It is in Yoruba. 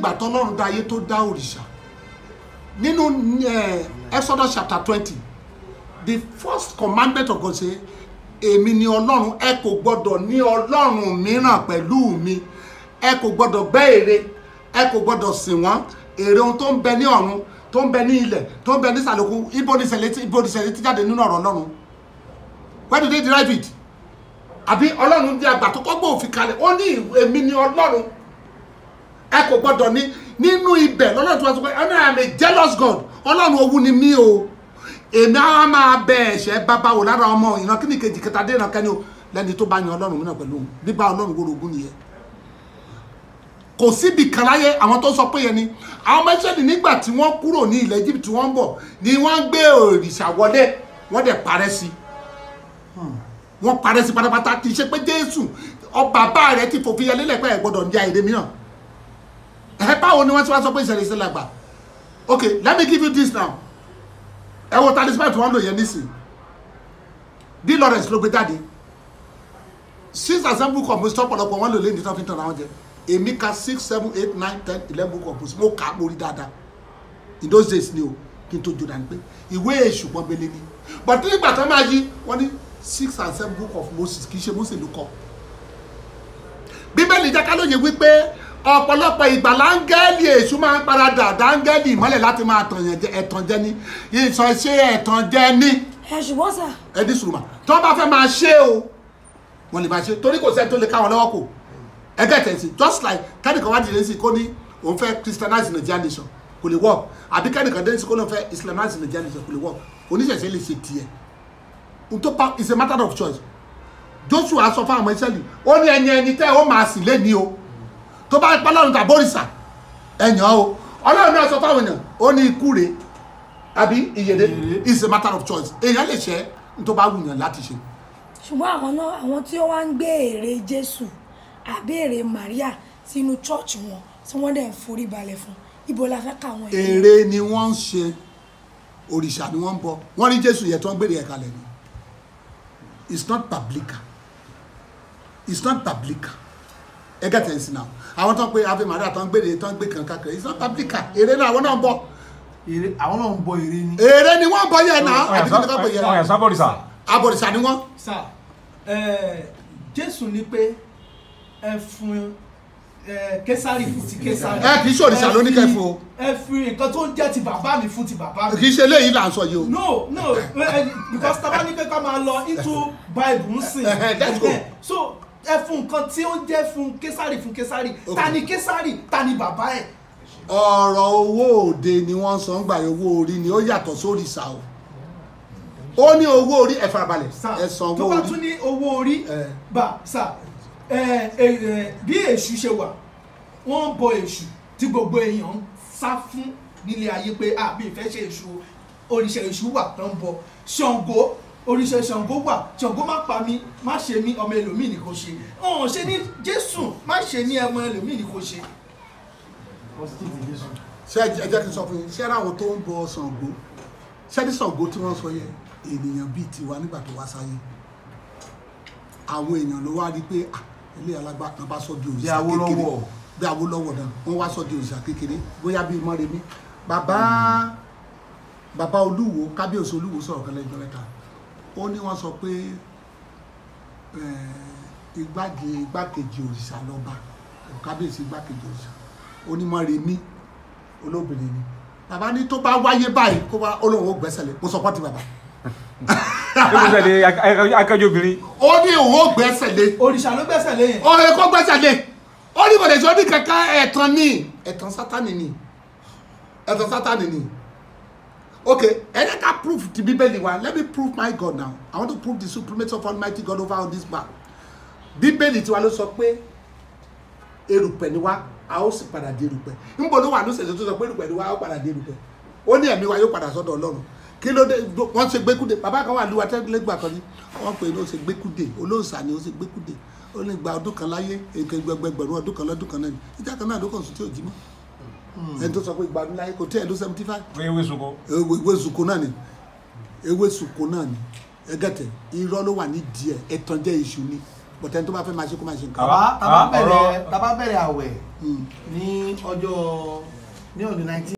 ìgbà tọ́lọ́run dá ayé tó dá òrìṣà nínú Exodus chapter twenty the first commandment of God say èmi ni ọlọ́run ẹ kò gbọ́dọ̀ ní ọlọ́run mìíràn pẹ̀lú mi ẹ kò gbọ́dọ̀ gbẹ́ ère ẹ kò gbọ́dọ̀ sìn wọ́n ère ohun tó ń bẹ ní ọ̀run tó ń bẹ ní ilẹ̀ tó ń bẹ ní sàlùkù ibo ni sẹ̀lẹ̀ tí ibo ni sẹ̀lẹ̀ tí jáde nínú ọ̀rọ̀ ọlọ́run where do they derive it àbí ọlọ́run di àgbà tó kọ́gbọ́ òfin kalẹ̀ ó ní èmi ni ọlọ́run ẹ kò gbọ́dọ̀ ní nínú ibẹ̀ lọ́lọ́run tí wọ́n sọ pé ọ̀nà àmì jealous god ọlọ́run owú ni mí o èmi á máa bẹ ẹ̀ṣẹ̀ bàbá wò lára ọmọ ìran kíni kejì kẹta dé ìran kẹni o lẹ́ni tó bá yan ọlọ́run mìíràn pẹ̀lú bíbá ọlọ́run wó rogún nìyẹn kò síbi kan láyé àwọn tó sọ pé yẹn ni àwọn mẹ́sẹ̀dì nígbà tí wọ́n kúrò ní ilẹ̀ Egypt wọ́n ń bọ̀ ni wọ́n ń gbé òrìṣà wọlé wọ́n dẹ̀ parẹ́ sí hmm. wọ́n parẹ́ sí pátápátá kì í ṣe pé Jésù ọba bá rẹ̀ ti fòfin yẹlé lẹ́pẹ́ ẹ̀ gbọ́dọ̀ ní àìrè mìíràn báwo ni wọ́n ti wá sọ pé ìṣẹ̀lẹ̀ ìṣẹ̀lẹ̀ àgbà okay let me give you this now ẹ wo talisman tí wọ́n lò yẹn nísìn D Lawrence ló gbé jáde six and seven book of Moses tọ́pọ̀lọpọ̀ wọ́n lò lé ní tọ́fíntàn àwọn jẹ èmi ka six seven eight nine ten eleven book of Moses mo kà á mórí dáadáa in those days ni o kí n tó jò dání pé ìwé èṣù pọ́nbélé ni but nígbà tó máa yí wọ́n ní six and seven book of Moses kì í ṣe Moses ló kọ bíbélì jẹ́ ká lóye wípé ọ̀pọ̀lọpọ̀ ìgbà láńgẹ́lì èṣù máa ń paradà dáńgẹ́lì ìmọ́lẹ̀ láti máa ẹ̀tàn jẹ ní ìsọ̀ṣe ẹ̀tàn jẹ ní. ẹ ṣùgbọ́n sà. ẹ dín sùrùmà tí wọ́n bá fẹ́ máa ṣe o wọ́n lè máa ṣe torí kò sẹ́ni tó lè káwọn lọ́wọ́ kò ẹgẹ́ tẹ̀sí just like kẹ́nìkan wá dìde sí kó ní òun fẹ́ christianize Nigeria nation kò lè work àbí kẹ́nìkan dé sí kó lóun fẹ́ islamize Nigeria nation is a matter of choice Joshua sọ fún àwọn ìṣẹ́lì ó ní ẹni ẹni tó bá pa lọ́run tàbí òrìṣà ẹ̀yàn o ọlọ́run náà sọ fáwọn èèyàn ó ní ikú rèé àbí ìyèdè is a matter of choice èèyàn lè ṣe tó bá wù láti ṣe. ṣùgbọ́n àwọn náà àwọn tí ó ń gbé èrè jésù àbí èrè maria sínú church wọn tí wọ́n dẹ̀ ń forí balẹ̀ fún ibo la fẹ́ kà wọ́n. èrè ni wọ́n ń ṣe òrìṣà ni wọ́n ń bọ wọ́n rí jésù yẹn tó ń gbèrè ẹ̀ka lẹ́nu it's not biblical it's not biblical ẹ gẹ̀tẹ̀ ìsìn náà àwọn tó ń pe ave maria tó ń gbèrè tó ń gbé kankan kiri it's not Africa èrè náà àwọn náà ń bọ. èrè àwọn náà ń bọ èrè ni. èrè ni wọ́n ń bọ yẹn náà oh, àbí kí wọ́n bọ yẹn. ọ̀yà sábọ̀rìṣà. àbọ̀rìṣà ni wọ́n. sà jésù ní pé ẹ fún késàrì fún ti késàrì. ẹ kì í ṣòrìṣà lóní kẹfù o. ẹ fi nǹkan tó ń jẹ́ ti bàbá mi fún ti bàbá mi. kì í ṣe eléyìí là ń sọ yìí o. no no because tabanípẹ́ ká máa lọ into bible ń sìn. let's go. so ẹ fún nǹkan tí ó jẹ́ fún késàrì fún késàrì ta ni késàrì ta ni bàbá ẹ̀. ọ̀rọ̀ owó òde ni wọ́n sọ ń gbà owó orí ni ó yàtọ̀ sórí ìsà o ó ní owó orí ẹ farabalẹ̀ ẹ san owó orí. tó bá tún ní owó orí bá sà bí èṣù ṣe wà wọ́n ń bọ èṣù tí gbogbo èèyàn ń sá fún nílé ayé pé àbí ìfẹ́ ṣe èṣù oríṣẹ́ èṣù wà tán ń bọ Ṣàngó oríṣẹ́ ṣàǹgó wà ṣàǹgó má pa mi má ṣe mi ọmọ ẹlòmíì ni kò ṣe ọ̀hún ṣe ní jésù má ṣe ní ọmọ ẹlòmíì ni kò ṣe. ṣé ẹ jẹ́ kí n sọ fún yín ṣé ara àwọn tó ń bọ ṣàǹgó ṣé ní ṣàǹgó tí wọ́n sọ yẹn ènìyàn bíi tiwa nígbà tó wá sáyé àwọn èèyàn ló wá rí i pé ah, ilé alágbàtàn bá sọ di òrìṣà kékeré bí Awólọ́wọ̀ náà wọ́n wá sọ di òrìṣà kékeré bóyá bíi Mọ́remí bàbá bàbá Olúwo kábíyèsí Olúwo sọ̀rọ̀ kan lẹ́jọ́ ó ní wọ́n sọ pé eh, igbákejì igbákejì òrìṣà lọ́ba kábíyèsí igbákejì òrìṣà onímọ̀rẹ́mí olóbìnrin ni bàbá ní tó bá wáyé báyìí kó wá olóhùn ó gbẹ́sẹ̀ lé kó sọ pọ́ǹtì bàbá. gbẹ́sẹ̀ lé akájọ obìnrin. ó ní òun ó gbẹ́sẹ̀ lé. òrìṣà ló gbẹ́sẹ̀ lé yẹn. ọ̀rẹ́ kó gbẹ́sẹ̀ lé ó ní bọ̀dẹ̀ tí ó ní kankan ẹ̀tàn ní ẹ̀tàn sátánì ní ẹ̀tàn sátánì ní okay ẹ̀yẹ́ ká prove ti bíbélì one. let me prove my God now I want to prove the supremacy of almighty God over all this man bíbélì tiwa ló sọ pé erùpẹ̀ ni wá a ó sì padà di erùpẹ̀ níbo ló wà ní ìṣẹ̀lẹ̀ tó sọ pé erùpẹ̀ ni wá a ó padà di erùpẹ̀ ó ní ẹ̀mí wa yóò padà sọ́dọ̀ ọlọ́run kí ló dé wọ́n ṣe gbẹ́kúdé bàbá kan wà lúwa tẹ́lẹ̀gbà One ní no pè beku de. Olo sani olóòṣà ni beku de. gbẹ́kúdé ó ní gba ọdún kan láyé ẹgbẹgbẹgbẹrún ọdún kan lọ́dún kan náà ní ìjà kan náà ló Hmm. ẹni tó sọ pé ìgbà mi láyé kò tí ẹ̀ ló seventy five. ewé suko. ewé suko náà ni ewé suko náà ni ẹgẹtẹ irọ́ ló wà ní díẹ̀ ẹ̀tàn jẹ́ iṣu ni bọ̀tẹ́ tó bá fẹ́ máa ṣe kó máa ṣe nǹkan. bàbá tá bá bẹ̀rẹ̀ àwẹ̀ hmm. ní ọjọ́ ní ọdún nineteen.